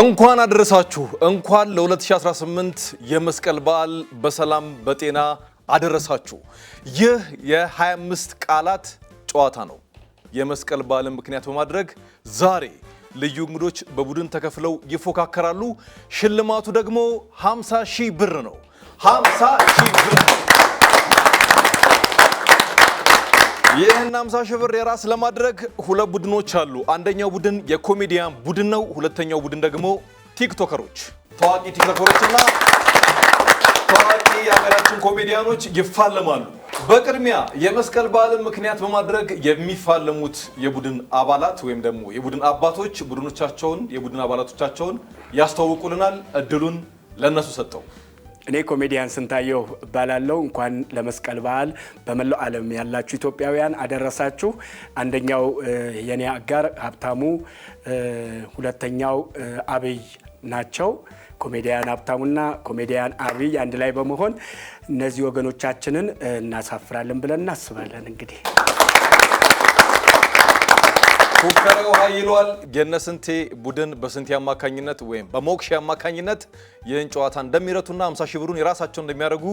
እንኳን አደረሳችሁ እንኳን ለ2018 የመስቀል በዓል በሰላም በጤና አደረሳችሁ። ይህ የ25 ቃላት ጨዋታ ነው። የመስቀል በዓልን ምክንያት በማድረግ ዛሬ ልዩ እንግዶች በቡድን ተከፍለው ይፎካከራሉ። ሽልማቱ ደግሞ 50 ሺህ ብር ነው። 50 ሺህ ብር ይህን 50 ሺህ ብር የራስ ለማድረግ ሁለት ቡድኖች አሉ። አንደኛው ቡድን የኮሜዲያን ቡድን ነው። ሁለተኛው ቡድን ደግሞ ቲክቶከሮች፣ ታዋቂ ቲክቶከሮች እና ታዋቂ የሀገራችን ኮሜዲያኖች ይፋለማሉ። በቅድሚያ የመስቀል በዓልን ምክንያት በማድረግ የሚፋለሙት የቡድን አባላት ወይም ደግሞ የቡድን አባቶች ቡድኖቻቸውን የቡድን አባላቶቻቸውን ያስተዋውቁልናል። እድሉን ለእነሱ ሰጠው። እኔ ኮሜዲያን ስንታየሁ እባላለሁ። እንኳን ለመስቀል በዓል በመላው ዓለም ያላችሁ ኢትዮጵያውያን አደረሳችሁ። አንደኛው የኔ አጋር ሀብታሙ፣ ሁለተኛው አብይ ናቸው። ኮሜዲያን ሀብታሙና ኮሜዲያን አብይ አንድ ላይ በመሆን እነዚህ ወገኖቻችንን እናሳፍራለን ብለን እናስባለን እንግዲህ ፉከራው ኃይሏል። የነስንቴ ቡድን በስንቴ አማካኝነት ወይም በሞክሼ አማካኝነት ይህን ጨዋታ እንደሚረቱና 50 ሺህ ብሩን የራሳቸው እንደሚያደርጉ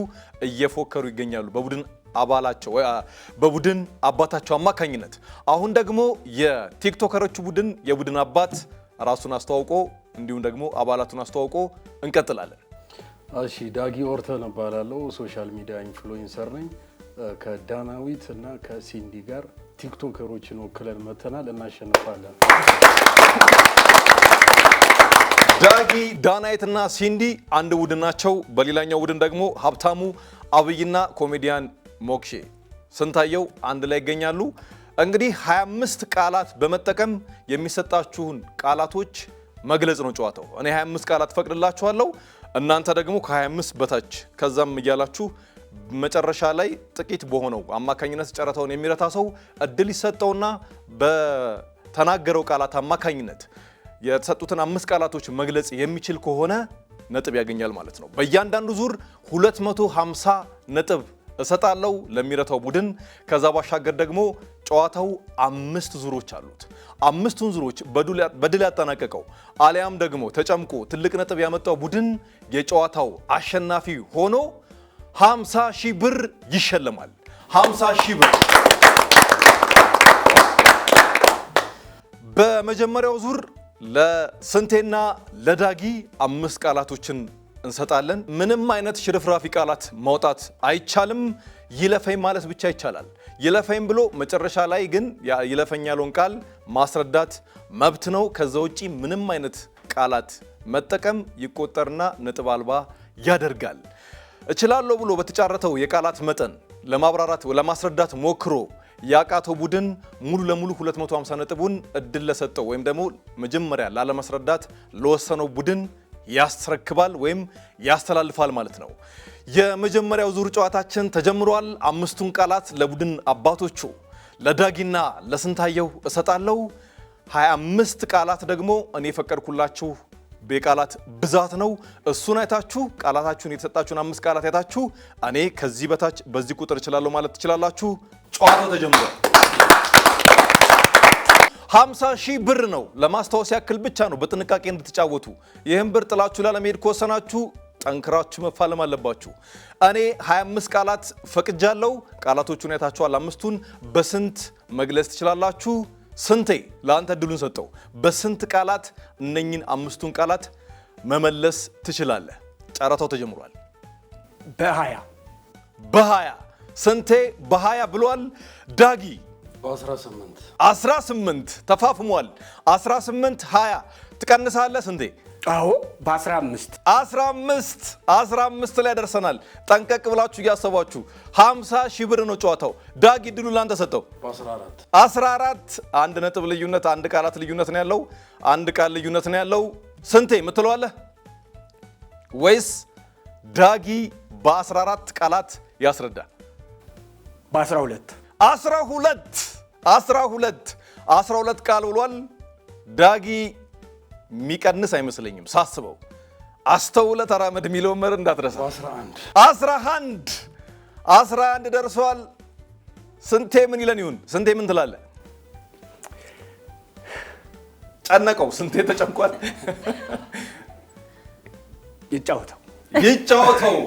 እየፎከሩ ይገኛሉ በቡድን አባላቸው በቡድን አባታቸው አማካኝነት። አሁን ደግሞ የቲክቶከሮቹ ቡድን የቡድን አባት ራሱን አስተዋውቆ እንዲሁም ደግሞ አባላቱን አስተዋውቆ እንቀጥላለን። እሺ፣ ዳጊ ኦርተን እባላለሁ። ሶሻል ሚዲያ ኢንፍሉዌንሰር ነኝ። ከዳናዊት እና ከሲንዲ ጋር ቲክቶከሮችን ወክለን መተናል። እናሸንፋለን። ዳጊ ዳናይትና ሲንዲ አንድ ቡድን ናቸው። በሌላኛው ቡድን ደግሞ ሀብታሙ አብይና ኮሜዲያን ሞክሼ ስንታየው አንድ ላይ ይገኛሉ። እንግዲህ 25 ቃላት በመጠቀም የሚሰጣችሁን ቃላቶች መግለጽ ነው ጨዋታው። እኔ 25 ቃላት ፈቅድላችኋለሁ። እናንተ ደግሞ ከ25 በታች ከዛም እያላችሁ መጨረሻ ላይ ጥቂት በሆነው አማካኝነት ጨረታውን የሚረታ ሰው እድል ይሰጠውና በተናገረው ቃላት አማካኝነት የተሰጡትን አምስት ቃላቶች መግለጽ የሚችል ከሆነ ነጥብ ያገኛል ማለት ነው። በእያንዳንዱ ዙር 250 ነጥብ እሰጣለው ለሚረታው ቡድን። ከዛ ባሻገር ደግሞ ጨዋታው አምስት ዙሮች አሉት። አምስቱን ዙሮች በድል ያጠናቀቀው አሊያም ደግሞ ተጨምቆ ትልቅ ነጥብ ያመጣው ቡድን የጨዋታው አሸናፊ ሆኖ 50 ሺህ ብር ይሸልማል። 50 ሺህ ብር በመጀመሪያው ዙር ለስንቴና ለዳጊ አምስት ቃላቶችን እንሰጣለን። ምንም አይነት ሽርፍራፊ ቃላት ማውጣት አይቻልም። ይለፈኝ ማለት ብቻ ይቻላል። ይለፈኝ ብሎ መጨረሻ ላይ ግን ይለፈኝ ያለውን ቃል ማስረዳት መብት ነው። ከዛ ውጪ ምንም አይነት ቃላት መጠቀም ይቆጠርና ነጥብ አልባ ያደርጋል። እችላለሁ ብሎ በተጫረተው የቃላት መጠን ለማብራራት ለማስረዳት ሞክሮ ያቃተው ቡድን ሙሉ ለሙሉ 250 ነጥቡን እድል ለሰጠው ወይም ደግሞ መጀመሪያ ላለማስረዳት ለወሰነው ቡድን ያስረክባል ወይም ያስተላልፋል ማለት ነው። የመጀመሪያው ዙር ጨዋታችን ተጀምሯል። አምስቱን ቃላት ለቡድን አባቶቹ ለዳጊና ለስንታየው እሰጣለሁ። 25 ቃላት ደግሞ እኔ ፈቀድኩላችሁ የቃላት ብዛት ነው። እሱን አይታችሁ ቃላታችሁን የተሰጣችሁን አምስት ቃላት አይታችሁ እኔ ከዚህ በታች በዚህ ቁጥር እችላለሁ ማለት ትችላላችሁ። ጨዋታው ተጀምሯል። ሀምሳ ሺህ ብር ነው። ለማስታወስ ያክል ብቻ ነው፣ በጥንቃቄ እንድትጫወቱ። ይህን ብር ጥላችሁ ላለመሄድ ከወሰናችሁ ጠንክራችሁ መፋለም አለባችሁ። እኔ 25 ቃላት ፈቅጃለሁ። ቃላቶቹን አይታችኋል። አምስቱን በስንት መግለጽ ትችላላችሁ? ስንቴ ለአንተ እድሉን ሰጠው። በስንት ቃላት እነኝን አምስቱን ቃላት መመለስ ትችላለህ? ጨረታው ተጀምሯል። በሀያ በሀያ ስንቴ በሀያ ብሏል ዳጊ። በ18 18 ተፋፍሟል። 18 20 ትቀንሳለህ ስንቴ? አዎ በ15 15 15 ላይ ደርሰናል። ጠንቀቅ ብላችሁ እያሰባችሁ 50 ሺህ ብር ነው ጨዋታው። ዳግ ድሉ ላንተ ሰጠው። 14 አንድ ነጥብ ልዩነት፣ አንድ ቃላት ልዩነት ነው ያለው። አንድ ቃል ልዩነት ነው ያለው። ስንቴ የምትለዋለህ ወይስ ዳጊ በ14 ቃላት ያስረዳል? በ12 12 12 12 ቃል ብሏል ዳጊ የሚቀንስ አይመስለኝም ሳስበው። አስተውለ ተራመድ የሚለውን መር እንዳትረሳ። አስራ አንድ አስራ አንድ ደርሷል። ስንቴ ምን ይለን ይሁን ስንቴ ምን ትላለ? ጨነቀው። ስንቴ ተጨንቋል። ይጫወተው ይጫወተው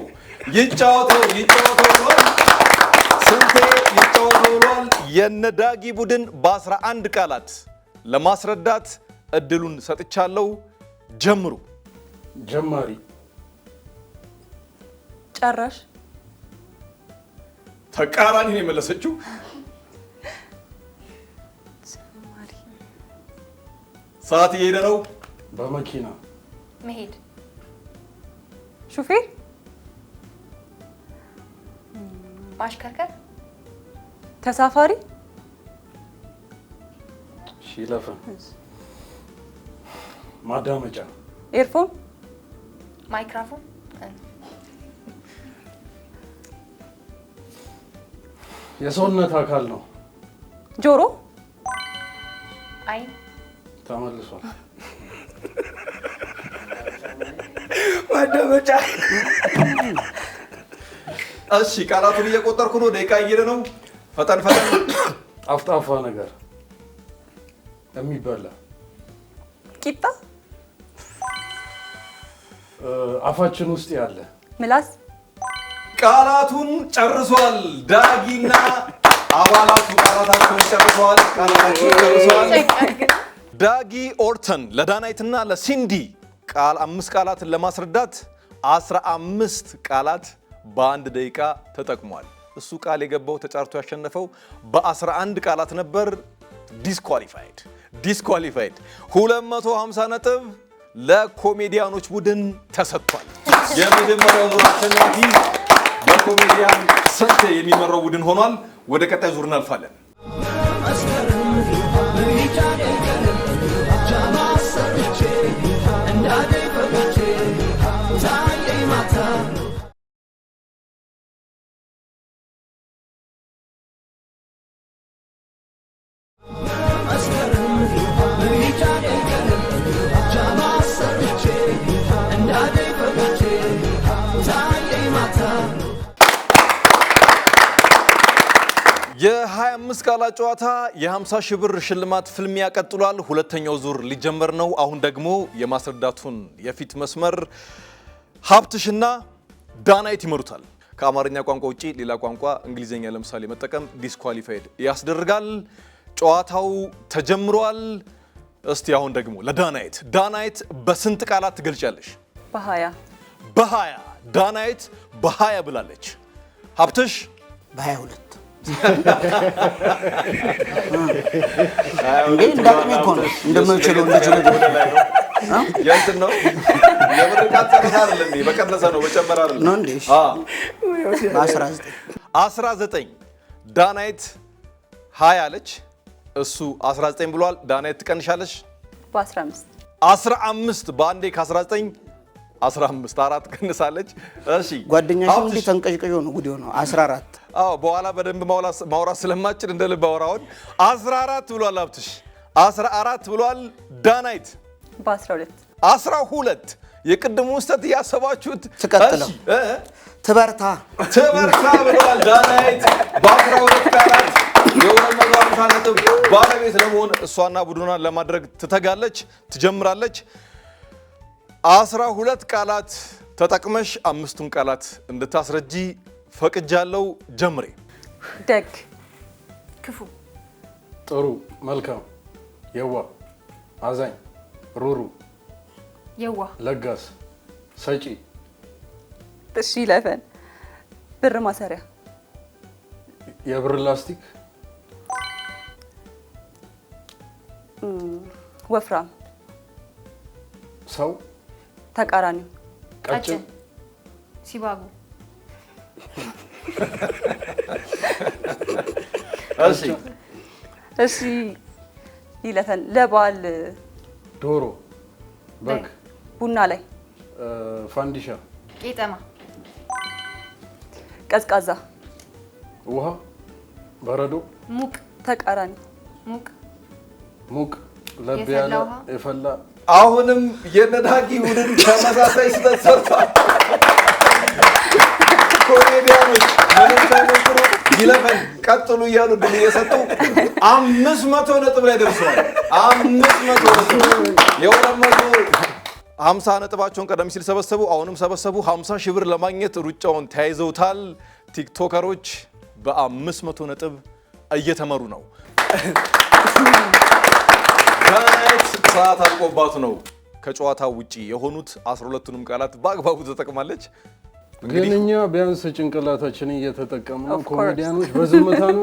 ይጫወተው ይጫወተው ብሏል። ስንቴ ይጫወተው ብሏል። የነዳጊ ቡድን በአስራ አንድ ቃላት ለማስረዳት እድሉን ሰጥቻለሁ። ጀምሩ። ጀማሪ፣ ጨራሽ፣ ተቃራኒ ነው የመለሰችው። ሰዓት እየሄደ ነው። በመኪና መሄድ፣ ሹፌር፣ ማሽከርከር፣ ተሳፋሪ ማዳመጫ፣ ኤርፎን፣ ማይክራፎን የሰውነት አካል ነው። ጆሮ፣ አይን። ተመልሷል። ማዳመጫ። እሺ፣ ቃላቱን እየቆጠርኩ ነው። ደቂቃ እየሄደ ነው። ፈጠን ፈጠን። ጣፍጣፋ ነገር የሚበላ ቂጣ አፋችን ውስጥ ያለ ምላስ ቃላቱን ጨርሷል። ዳጊና አባላቱ ቃላታቸውን ጨርሷል። ቃላታቸውን ጨርሷል። ዳጊ ኦርተን ለዳናይትና ለሲንዲ ቃል አምስት ቃላትን ለማስረዳት አስራ አምስት ቃላት በአንድ ደቂቃ ተጠቅሟል። እሱ ቃል የገባው ተጫርቶ ያሸነፈው በ11 ቃላት ነበር። ዲስኳሊፋይድ ዲስኳሊፋይድ 250 ነጥብ ለኮሜዲያኖች ቡድን ተሰጥቷል። የመጀመሪያው ዙር አሸናፊ በኮሜዲያን ሰብሴ የሚመራው ቡድን ሆኗል። ወደ ቀጣይ ዙር እናልፋለን። አምስት ቃላት ጨዋታ የ50 ሺህ ብር ሽልማት ፍልሚያ ቀጥሏል። ሁለተኛው ዙር ሊጀመር ነው። አሁን ደግሞ የማስረዳቱን የፊት መስመር ሀብትሽና ዳናይት ይመሩታል። ከአማርኛ ቋንቋ ውጪ ሌላ ቋንቋ እንግሊዝኛ ለምሳሌ መጠቀም ዲስኳሊፋይድ ያስደርጋል። ጨዋታው ተጀምሯል። እስቲ አሁን ደግሞ ለዳናይት ዳናይት በስንት ቃላት ትገልጫለሽ? በሀያ በሀያ ዳናይት በሀያ ብላለች። ሀብትሽ በሀያ ሁለት እንዴ እንዳቅሜ እኮ ነው እንደምችለው እንደ የእንትን ነው የምርቃት በቀነሰ ነው በጨመረ ነው እንዴ? አስራ ዘጠኝ ዳናይት ሀያ አለች፣ እሱ ብሏል። ዳናይት ትቀንሻለች በአንዴ አራት ቀንሳለች። እሺ ጓደኛሽ ጉድ አዎ በኋላ በደንብ ማውራት ስለማችል እንደ ልብ አወራውን። አራት ብሏል ሀብትሽ፣ አራት ብሏል ዳናይት፣ በ12 12 የቅድሙ ስህተት እያሰባችሁት ትቀጥለው። ትበርታ ትበርታ ብሏል ዳናይት በአስራ ሁለት አራት የወረመሯታ ነጥብ ባለቤት ለመሆን እሷና ቡድኗን ለማድረግ ትተጋለች፣ ትጀምራለች። አስራ ሁለት ቃላት ተጠቅመሽ አምስቱን ቃላት እንድታስረጂ ፈቅጃለው። ጀምሬ ደግ፣ ክፉ፣ ጥሩ፣ መልካም፣ የዋ፣ አዛኝ፣ ሩሩ፣ የዋ፣ ለጋስ፣ ሰጪ፣ እሺ፣ ለፈን፣ ብር ማሰሪያ፣ የብር ላስቲክ፣ ወፍራም ሰው፣ ተቃራኒው፣ ቀጭን፣ ሲባጉ እሺ ይለፈን። ለበዓል ዶሮ፣ በግ፣ ቡና ላይ ፋንዲሻ፣ ቄጠማ፣ ቀዝቃዛ ውሃ፣ በረዶ፣ ሙቅ፣ ተቃራኒ ሙቅ ሙቅ ለብ ያለ የፈላ አሁንም የነዳጊ ውድን ተመሳሳይ ስህተት ሰርቷል። ኮሜዲያኖች መነሳይ ሞክሮ ይለፈን ቀጥሉ እያሉ ድል እየሰጡ አምስት መቶ ነጥብ ላይ ደርሰዋል። አምስት መቶ የሁለት መቶ ሀምሳ ነጥባቸውን ቀደም ሲል ሰበሰቡ፣ አሁንም ሰበሰቡ። ሀምሳ ሺህ ብር ለማግኘት ሩጫውን ተያይዘውታል። ቲክቶከሮች በአምስት መቶ ነጥብ እየተመሩ ነው። ዳይት ሰዓት አልቆባት ነው ከጨዋታ ውጪ የሆኑት አስራ ሁለቱንም ቃላት በአግባቡ ተጠቅማለች። ግን እኛ ቢያንስ ጭንቅላታችንን እየተጠቀምን ነው። ኮሜዲያኖች በዝምታ ነው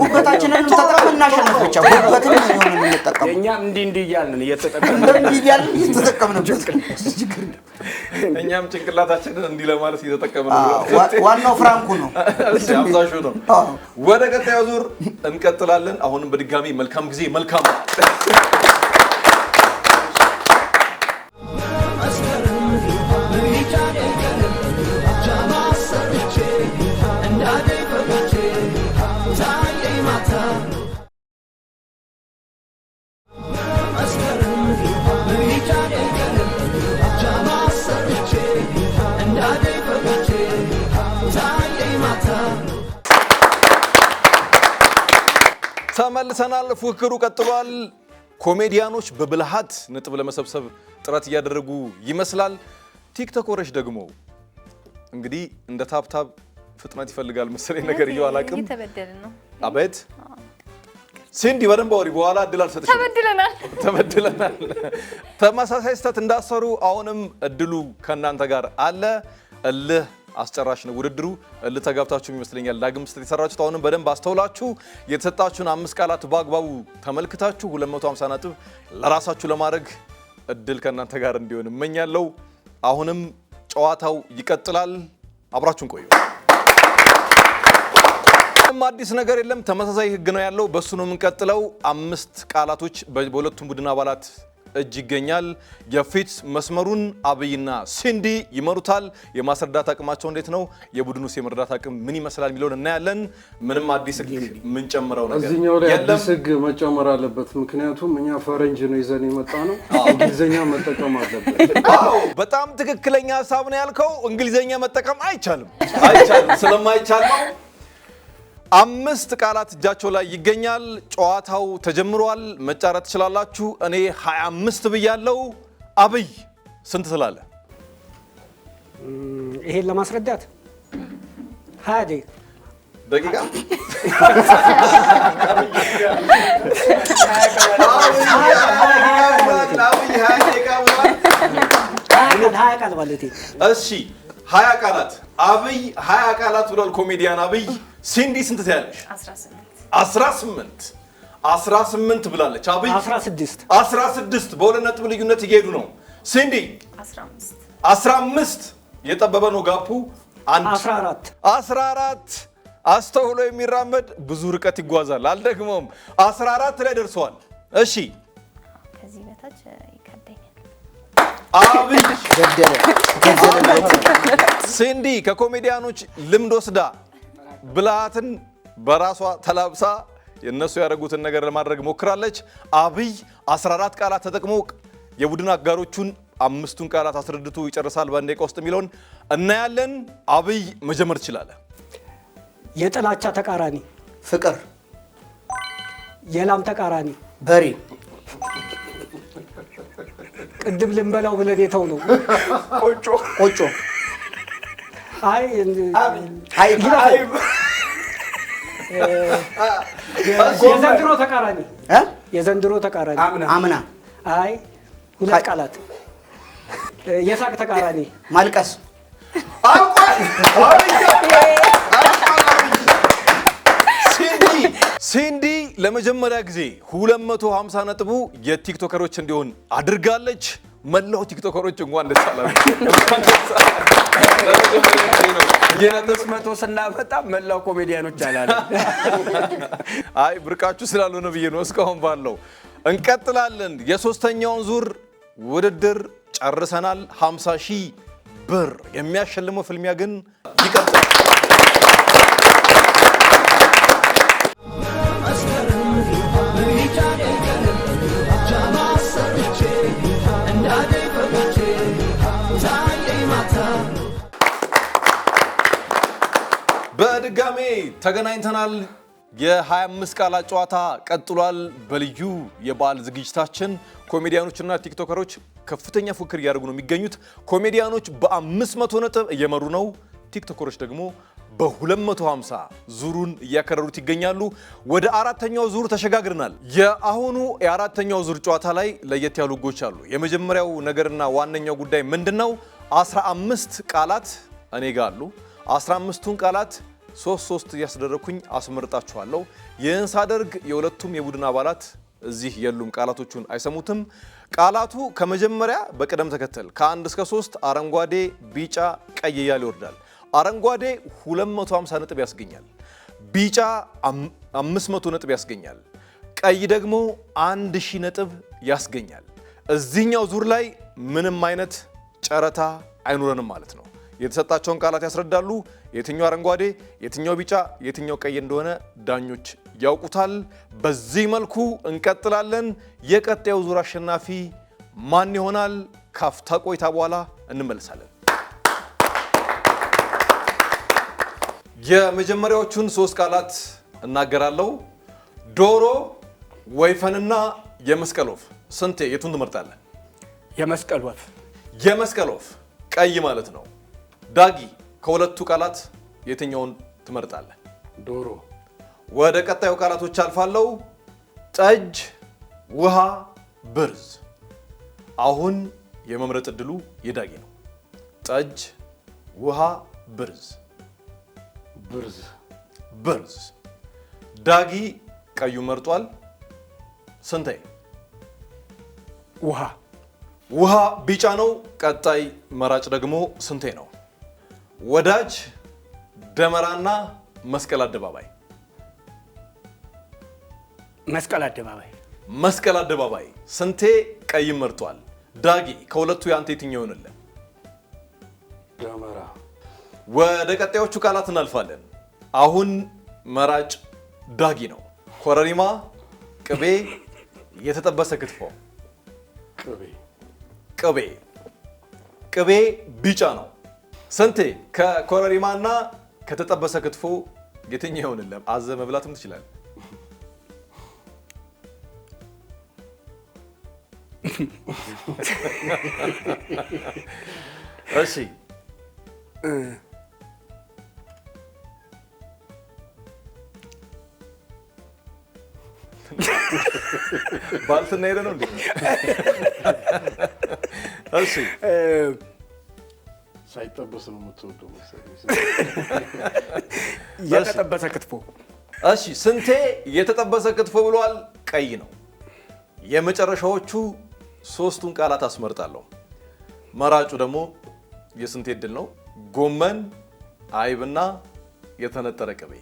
ጉበታችንን ጉበትን ሆነ የምንጠቀም እኛም እንዲህ እንዲህ እያልን እኛም ጭንቅላታችንን እንዲህ ለማለት ዋናው ፍራንኩ ነው አብዛሹ ነው። ወደ ቀጣዩ ዙር እንቀጥላለን። አሁንም በድጋሚ መልካም ጊዜ መልካም ተመልሰናል። ፉክክሩ ቀጥሏል። ኮሜዲያኖች በብልሃት ነጥብ ለመሰብሰብ ጥረት እያደረጉ ይመስላል። ቲክቶከሮች ደግሞ እንግዲህ እንደ ታብታብ ፍጥነት ይፈልጋል መሰለኝ ነገር እየው አላውቅም። አቤት ሲንዲ በደንብ አውሪ፣ በኋላ እድል አልሰጥሽም። ተበድለናል ተበድለናል። ተመሳሳይ ስህተት እንዳሰሩ አሁንም እድሉ ከእናንተ ጋር አለ እልህ አስጨራሽ ነው ውድድሩ። ልተጋብታችሁም ይመስለኛል ዳግም ስህተት የሰራችሁት አሁንም በደንብ አስተውላችሁ የተሰጣችሁን አምስት ቃላት በአግባቡ ተመልክታችሁ 250 ነጥብ ለራሳችሁ ለማድረግ እድል ከእናንተ ጋር እንዲሆን እመኛለሁ። አሁንም ጨዋታው ይቀጥላል። አብራችሁን ቆዩ። አዲስ ነገር የለም። ተመሳሳይ ህግ ነው ያለው። በእሱ ነው የምንቀጥለው። አምስት ቃላቶች በሁለቱም ቡድን አባላት እጅ ይገኛል። የፊት መስመሩን አብይና ሲንዲ ይመሩታል። የማስረዳት አቅማቸው እንዴት ነው? የቡድኑስ የመረዳት አቅም ምን ይመስላል የሚለውን እናያለን። ምንም አዲስ ህግ የምንጨምረው ነገር እዚህኛው ላይ አዲስ ህግ መጨመር አለበት። ምክንያቱም እኛ ፈረንጅ ነው ይዘን የመጣ ነው። እንግሊዝኛ መጠቀም አለበት። በጣም ትክክለኛ ሀሳብ ነው ያልከው። እንግሊዝኛ መጠቀም አይቻልም አይቻልም ስለማይቻል ነው አምስት ቃላት እጃቸው ላይ ይገኛል። ጨዋታው ተጀምሯል። መጫረት ትችላላችሁ። እኔ 25 ብያለው። አብይ ስንት ስላለ ይሄን ለማስረዳት ሀያ ደቂቃ እሺ፣ ሀያ ቃላት አብይ ሀያ ቃላት ብሏል ኮሜዲያን አብይ ሲንዲ ስንት ትያለሽ? 18 18 ብላለች። አብይ 16 16 በሁለት ነጥብ ልዩነት እየሄዱ ነው። ሲንዲ 15 የጠበበ ነው ጋፑ 14 14 አስተውሎ የሚራመድ ብዙ ርቀት ይጓዛል። አልደግሞም 14 ላይ ደርሰዋል። እሺ ከዚህ በታች አብይ ሲንዲ ከኮሜዲያኖች ልምድ ወስዳ ብልሃትን በራሷ ተላብሳ የእነሱ ያደረጉትን ነገር ለማድረግ ሞክራለች። አብይ 14 ቃላት ተጠቅሞ የቡድን አጋሮቹን አምስቱን ቃላት አስረድቱ ይጨርሳል በአንድ ደቂቃ ውስጥ የሚለውን እናያለን። አብይ መጀመር ትችላለ። የጥላቻ ተቃራኒ ፍቅር፣ የላም ተቃራኒ በሬ። ቅድም ልንበላው ብለን የተው ነው ቆጮ ቆጮ። አይ የዘንድሮ ተቃራኒ የዘንድሮ ተቃራኒ አምና። አይ ሁለት ቃላት የሳቅ ተቃራኒ ማልቀስ። ሲንዲ ለመጀመሪያ ጊዜ 250 ነጥቡ የቲክቶከሮች እንዲሆን አድርጋለች። መላው ቲክቶከሮች እንኳን ደስ አላችሁ። ቅጽበቱ ስናፈጣ መላው ኮሜዲያኖች አላለ። አይ ብርቃችሁ ስላልሆነ ብዬ ነው። እስካሁን ባለው እንቀጥላለን። የሶስተኛውን ዙር ውድድር ጨርሰናል። 50 ሺህ ብር የሚያሸልመው ፍልሚያ ግን ይቀጥላል። ተገናኝተናል። የ25 ቃላት ጨዋታ ቀጥሏል። በልዩ የበዓል ዝግጅታችን ኮሜዲያኖችና ቲክቶከሮች ከፍተኛ ፉክክር እያደረጉ ነው የሚገኙት። ኮሜዲያኖች በ500 ነጥብ እየመሩ ነው። ቲክቶከሮች ደግሞ በ250 ዙሩን እያከረሩት ይገኛሉ። ወደ አራተኛው ዙር ተሸጋግረናል። የአሁኑ የአራተኛው ዙር ጨዋታ ላይ ለየት ያሉ ሕጎች አሉ። የመጀመሪያው ነገርና ዋነኛው ጉዳይ ምንድን ነው? 15 ቃላት እኔ ጋር አሉ። 15ቱን ቃላት ሶስት ሶስት እያስደረግኩኝ አስመርጣችኋለሁ። ይህን ሳደርግ የሁለቱም የቡድን አባላት እዚህ የሉም፣ ቃላቶቹን አይሰሙትም። ቃላቱ ከመጀመሪያ በቅደም ተከተል ከአንድ እስከ ሶስት አረንጓዴ፣ ቢጫ፣ ቀይ እያለ ይወርዳል። አረንጓዴ 250 ነጥብ ያስገኛል። ቢጫ 500 ነጥብ ያስገኛል። ቀይ ደግሞ 1000 ነጥብ ያስገኛል። እዚህኛው ዙር ላይ ምንም አይነት ጨረታ አይኖረንም ማለት ነው። የተሰጣቸውን ቃላት ያስረዳሉ። የትኛው አረንጓዴ፣ የትኛው ቢጫ፣ የትኛው ቀይ እንደሆነ ዳኞች ያውቁታል። በዚህ መልኩ እንቀጥላለን። የቀጣዩ ዙር አሸናፊ ማን ይሆናል? ካፍታ ቆይታ በኋላ እንመልሳለን። የመጀመሪያዎቹን ሶስት ቃላት እናገራለሁ። ዶሮ፣ ወይፈንና የመስቀል ወፍ። ስንቴ የቱን ትመርጣለህ? የመስቀል ወፍ። የመስቀል ወፍ ቀይ ማለት ነው። ዳጊ ከሁለቱ ቃላት የትኛውን ትመርጣለህ? ዶሮ። ወደ ቀጣዩ ቃላቶች አልፋለሁ። ጠጅ፣ ውሃ፣ ብርዝ። አሁን የመምረጥ እድሉ የዳጊ ነው። ጠጅ፣ ውሃ፣ ብርዝ። ብርዝ ብርዝ። ዳጊ ቀዩ መርጧል። ስንታይ ውሃ ውሃ ቢጫ ነው። ቀጣይ መራጭ ደግሞ ስንቴ ነው? ወዳጅ ደመራና መስቀል አደባባይ መስቀል አደባባይ መስቀል አደባባይ ስንቴ ቀይ መርቷል። ዳጊ ከሁለቱ የአንተ የትኛው ይሆንልን? ደመራ። ወደ ቀጣዮቹ ቃላት እናልፋለን። አሁን መራጭ ዳጊ ነው። ኮረሪማ፣ ቅቤ፣ የተጠበሰ ክትፎ። ቅቤ ቅቤ ቢጫ ነው። ስንቴ ከኮረሪማና ከተጠበሰ ክትፎ የትኛው ለም አዘ መብላትም ትችላለህ። እሺ ባልትና ሄደ ነው እንዴ? እሺ ሳይጠበስ ነው የምትወደው መሰለኝ። የተጠበሰ ክትፎ። እሺ ስንቴ የተጠበሰ ክትፎ ብሏል? ቀይ ነው። የመጨረሻዎቹ ሶስቱን ቃላት አስመርጣለሁ። መራጩ ደግሞ የስንቴ እድል ነው። ጎመን፣ አይብና የተነጠረ ቅቤ።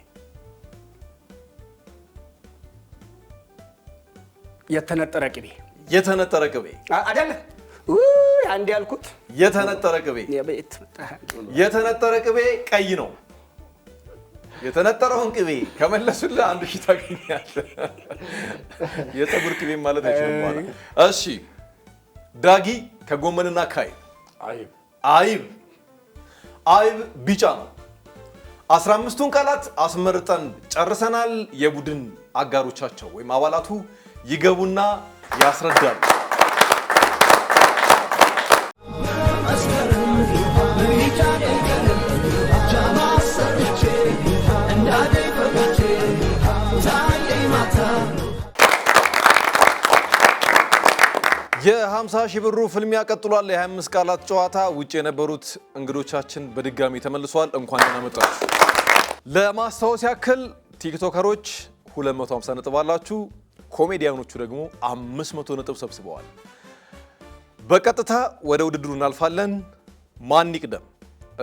የተነጠረ ቅቤ። የተነጠረ ቅቤ አይደለ አንድ ያልኩት የተነጠረ ቅቤ የተነጠረ ቅቤ ቀይ ነው። የተነጠረውን ቅቤ ከመለሱልህ አንድ ሺህ ታገኛለህ። የፀጉር ቅቤ ማለት እሺ፣ ዳጊ ከጎመንና ከአይብ አይብ አይብ ቢጫ ነው። አስራ አምስቱን ቃላት አስመርጠን ጨርሰናል። የቡድን አጋሮቻቸው ወይም አባላቱ ይገቡና ያስረዳሉ። 50 ሺህ ብሩ ፍልሚያ ቀጥሏል። የ25 ቃላት ጨዋታ ውጭ የነበሩት እንግዶቻችን በድጋሚ ተመልሷል። እንኳን ደህና መጣችሁ። ለማስታወስ ያክል ቲክቶከሮች 250 ነጥብ አላችሁ፣ ኮሜዲያኖቹ ደግሞ 500 ነጥብ ሰብስበዋል። በቀጥታ ወደ ውድድሩ እናልፋለን። ማን ይቅደም?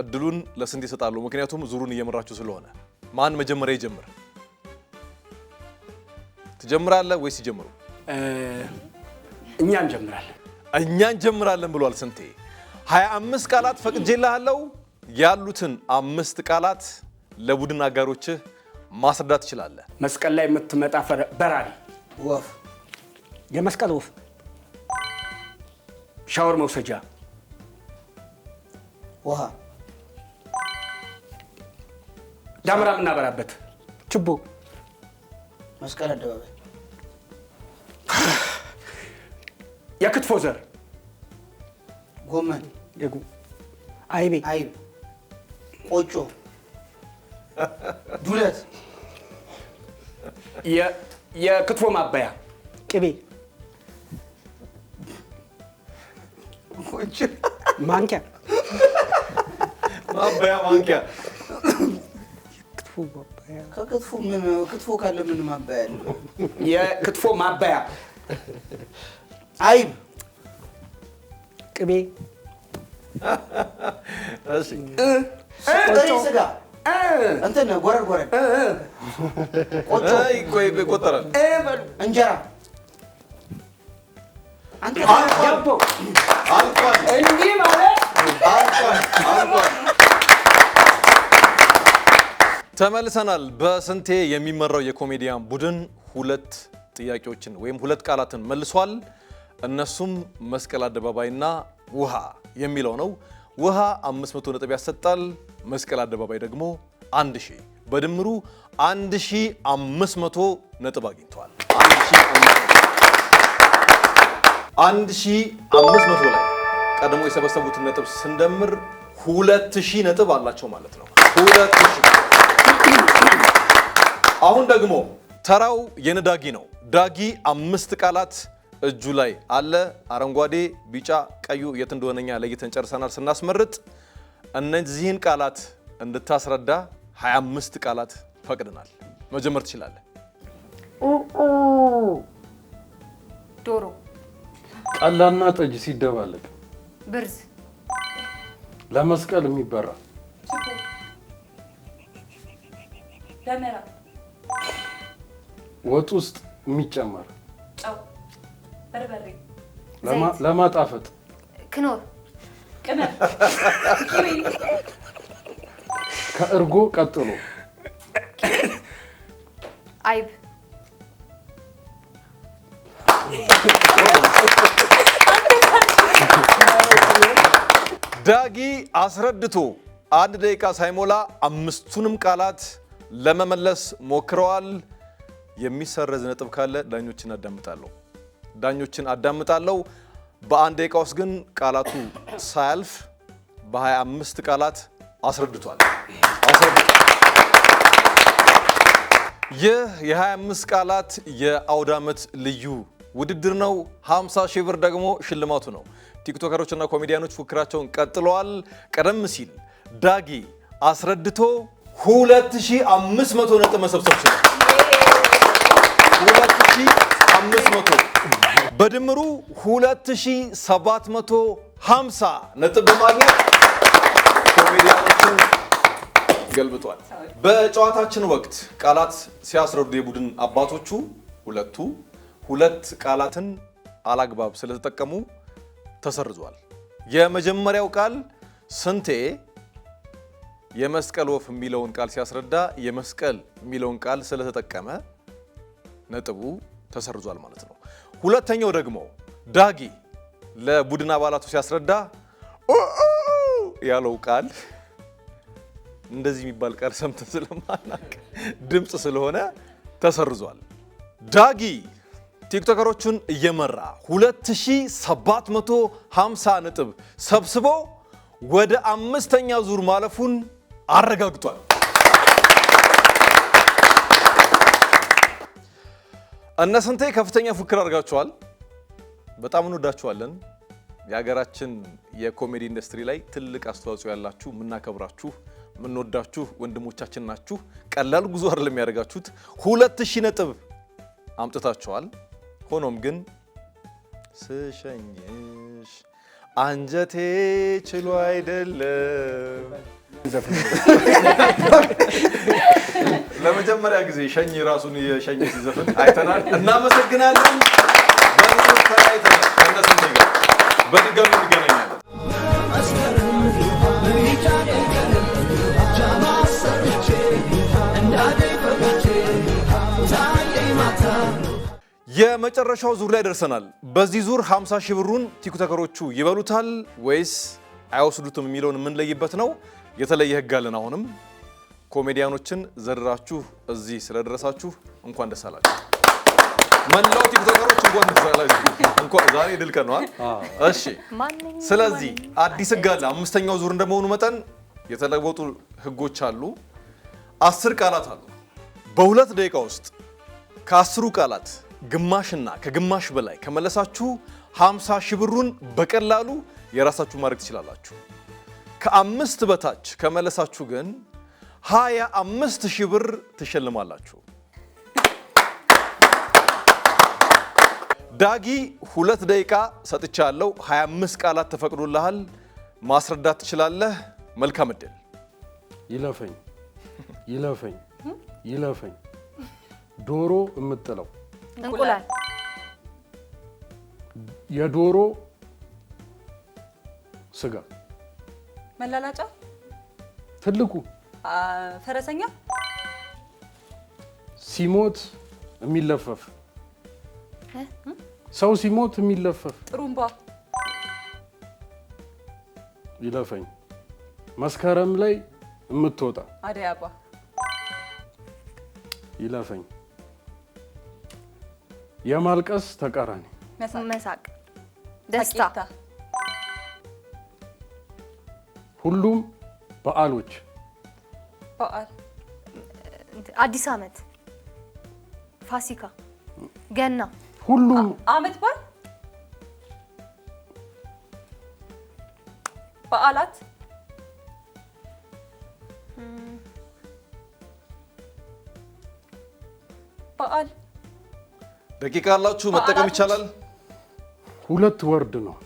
እድሉን ለስንት ይሰጣሉ? ምክንያቱም ዙሩን እየመራችሁ ስለሆነ ማን መጀመሪያ ይጀምር? ትጀምራለህ ወይስ ይጀምሩ? እኛ እንጀምራለን። እኛ እንጀምራለን ብሏል። ስንቴ 25 አምስት ቃላት ፈቅጄልሃለሁ። ያሉትን አምስት ቃላት ለቡድን አጋሮችህ ማስረዳት ትችላለህ። መስቀል ላይ የምትመጣ በራሪ ወፍ፣ የመስቀል ወፍ፣ ሻወር መውሰጃ፣ ውሃ፣ ዳምራ የምናበራበት ችቦ፣ መስቀል አደባባይ የክትፎ ዘር፣ ጎመን፣ አይቤ፣ ቆጮ፣ ዱለት፣ የክትፎ ማባያ ቅቤ፣ ማንኪያ ማባያ ማንኪያ ክትፎ ካለ ምን ማባያ ክትፎ ማባያ አይብ፣ ቅቤ፣ ጥሬ ስጋ እንትን ጎረድ ጎረድ ይቆጠራል። እንጀራ ተመልሰናል። በስንቴ የሚመራው የኮሜዲያን ቡድን ሁለት ጥያቄዎችን ወይም ሁለት ቃላትን መልሷል። እነሱም መስቀል አደባባይና ውሃ የሚለው ነው። ውሃ 500 ነጥብ ያሰጣል። መስቀል አደባባይ ደግሞ 1000 በድምሩ 1500 ነጥብ አግኝተዋል። 1500 ላይ ቀድሞ የሰበሰቡትን ነጥብ ስንደምር 2000 ነጥብ አላቸው ማለት ነው። 2000 አሁን ደግሞ ተራው የነዳጊ ነው። ዳጊ አምስት ቃላት እጁ ላይ አለ። አረንጓዴ፣ ቢጫ፣ ቀዩ የት እንደሆነኛ ለይተን ጨርሰናል። ስናስመርጥ እነዚህን ቃላት እንድታስረዳ 25 ቃላት ፈቅድናል። መጀመር ትችላለህ። ዶሮ፣ ጠላና ጠጅ ሲደባለቅ፣ ብርዝ፣ ለመስቀል የሚበራ ወጥ ውስጥ የሚጨመር በርበሬ ለማጣፈጥ ክኖር ከእርጎ ቀጥሎ አይብ ዳጊ አስረድቶ አንድ ደቂቃ ሳይሞላ አምስቱንም ቃላት ለመመለስ ሞክረዋል። የሚሰረዝ ነጥብ ካለ ዳኞችን እናዳምጣለሁ። ዳኞችን አዳምጣለሁ። በአንድ ደቂቃ ውስጥ ግን ቃላቱ ሳያልፍ በ25 ቃላት አስረድቷል ይህ የ25 ቃላት የአውድ ዓመት ልዩ ውድድር ነው። 50 ሺህ ብር ደግሞ ሽልማቱ ነው። ቲክቶከሮችና ኮሜዲያኖች ፉክራቸውን ቀጥለዋል። ቀደም ሲል ዳጊ አስረድቶ 2500 ነጥብ መሰብሰብ ችሏል። 2500 በድምሩ 2750 ነጥብ በማግኘት ኮሜዲያኖችን ገልብጧል። በጨዋታችን ወቅት ቃላት ሲያስረዱ የቡድን አባቶቹ ሁለቱ ሁለት ቃላትን አላግባብ ስለተጠቀሙ ተሰርዟል። የመጀመሪያው ቃል ስንቴ የመስቀል ወፍ የሚለውን ቃል ሲያስረዳ የመስቀል የሚለውን ቃል ስለተጠቀመ ነጥቡ ተሰርዟል ማለት ነው። ሁለተኛው ደግሞ ዳጊ ለቡድን አባላቱ ሲያስረዳ ያለው ቃል እንደዚህ የሚባል ቃል ሰምተን ስለማናቅ ድምፅ ስለሆነ ተሰርዟል። ዳጊ ቲክቶከሮቹን እየመራ 2750 ነጥብ ሰብስቦ ወደ አምስተኛ ዙር ማለፉን አረጋግጧል። እነ ስንቴ ከፍተኛ ፉክክር አድርጋችኋል። በጣም እንወዳችኋለን። የሀገራችን የኮሜዲ ኢንዱስትሪ ላይ ትልቅ አስተዋጽኦ ያላችሁ የምናከብራችሁ የምንወዳችሁ ወንድሞቻችን ናችሁ። ቀላል ጉዞ አይደለም የሚያደርጋችሁት ሁለት ሺህ ነጥብ አምጥታችኋል። ሆኖም ግን ስሸኝሽ አንጀቴ ችሎ አይደለም ለመጀመሪያ ጊዜ ሸኝ ራሱን የሸኝ ሲዘፍን አይተናል። እናመሰግናለን። በድጋሚ እንገናኛለን። የመጨረሻው ዙር ላይ ደርሰናል። በዚህ ዙር 50 ሺህ ብሩን ቲክቶከሮቹ ይበሉታል ወይስ አይወስዱትም የሚለውን የምንለይበት ነው። የተለየ ህግ አለን አሁንም ኮሜዲያኖችን ዘርራችሁ እዚህ ስለደረሳችሁ እንኳን ደስ አላችሁ። መላው ቲክቶከሮች እንኳን ደስ አላችሁ። እንኳን ዛሬ ድል ቀን እሺ፣ ስለዚህ አዲስ ህግ አለ። አምስተኛው ዙር እንደመሆኑ መጠን የተለወጡ ህጎች አሉ። አስር ቃላት አሉ። በሁለት ደቂቃ ውስጥ ከአስሩ ቃላት ግማሽና ከግማሽ በላይ ከመለሳችሁ 50 ሺህ ብሩን በቀላሉ የራሳችሁ ማድረግ ትችላላችሁ። ከአምስት በታች ከመለሳችሁ ግን ሀያ አምስት ሺህ ብር ትሸልማላችሁ። ዳጊ ሁለት ደቂቃ ሰጥቻለሁ። 25 ቃላት ተፈቅዶልሃል። ማስረዳት ትችላለህ። መልካም እድል። ይለፈኝ ይለፈኝ ይለፈኝ ዶሮ የምጥለው እንቁላል የዶሮ ስጋ መላላጫ ትልቁ ፈረሰኛ ሲሞት የሚለፈፍ ሰው ሲሞት የሚለፈፍ ጥሩምባ ይለፈኝ መስከረም ላይ የምትወጣ አደይ አበባ ይለፈኝ የማልቀስ ተቃራኒ መሳቅ ደስታ ሁሉም በዓሎች በዓል አዲስ ዓመት፣ ፋሲካ፣ ገና ሁሉም ዓመት በዓል በዓላት በዓል ደቂቃ አላችሁ መጠቀም ይቻላል። ሁለት ወርድ ነው።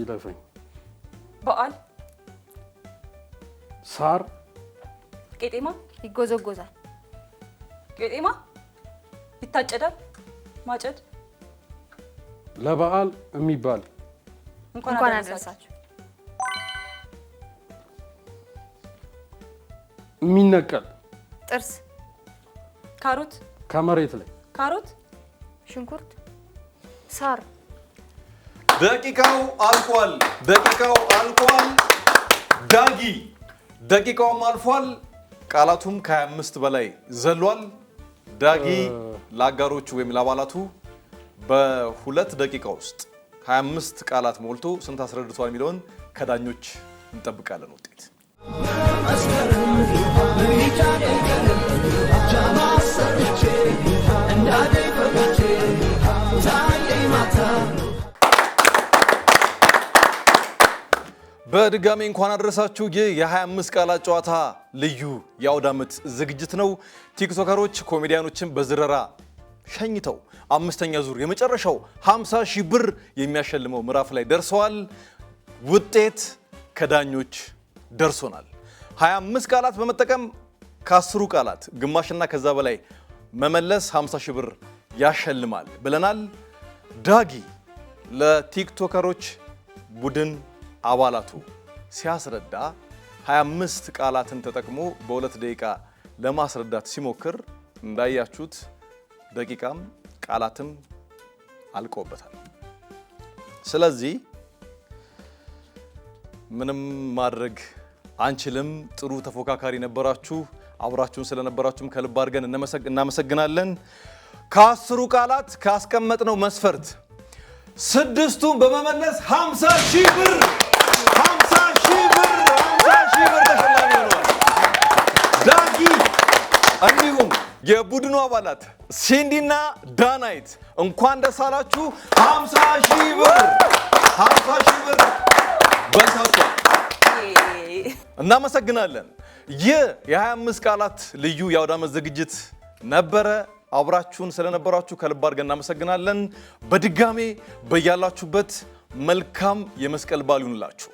ይለፈኝ። በዓል ሳር ቄጤማ ይጎዘጎዛል። ቄጤማ ይታጨዳል። ማጨድ ለበዓል የሚባል እንኳን አደረሳችሁ። የሚነቀል ጥርስ ካሮት ከመሬት ላይ ካሮት ሽንኩርት ሳር ደቂቃው አልቋል። ደቂቃው አልቋል። ዳጊ ደቂቃውም አልፏል። ቃላቱም ከ25 በላይ ዘሏል። ዳጊ ለአጋሮቹ ወይም ለአባላቱ በሁለት ደቂቃ ውስጥ 25 ቃላት ሞልቶ ስንት አስረድቷል የሚለውን ከዳኞች እንጠብቃለን ውጤት በድጋሚ እንኳን አደረሳችሁ። ይህ የ25 ቃላት ጨዋታ ልዩ የአውድ ዓመት ዝግጅት ነው። ቲክቶከሮች ኮሜዲያኖችን በዝረራ ሸኝተው አምስተኛ ዙር የመጨረሻው 50 ሺህ ብር የሚያሸልመው ምዕራፍ ላይ ደርሰዋል። ውጤት ከዳኞች ደርሶናል። 25 ቃላት በመጠቀም ከአስሩ ቃላት ግማሽና ከዛ በላይ መመለስ 50 ሺህ ብር ያሸልማል ብለናል። ዳጊ ለቲክቶከሮች ቡድን አባላቱ ሲያስረዳ 25 ቃላትን ተጠቅሞ በሁለት ደቂቃ ለማስረዳት ሲሞክር እንዳያችሁት ደቂቃም ቃላትም አልቆበታል። ስለዚህ ምንም ማድረግ አንችልም። ጥሩ ተፎካካሪ ነበራችሁ። አብራችሁን ስለነበራችሁም ከልብ አድርገን እናመሰግናለን። ከአስሩ ቃላት ካስቀመጥነው መስፈርት ስድስቱን በመመለስ 50 ሺህ ብር 50 ሺህ ብር 50 ሺህ ብር ተሸላሚ ሆነዋል። ዳጊ እንዲሁም የቡድኑ አባላት ሲንዲና ዳናይት እንኳን ደስ አላችሁ። 50 ሺህ ብር 50 ሺህ ብር በልታችኋል። እናመሰግናለን። ይህ የ25 ቃላት ልዩ የአውደ ዓመት ዝግጅት ነበረ። አብራችሁን ስለነበራችሁ ከልብ አድርገን እናመሰግናለን። በድጋሜ በያላችሁበት መልካም የመስቀል በዓል ይሁንላችሁ።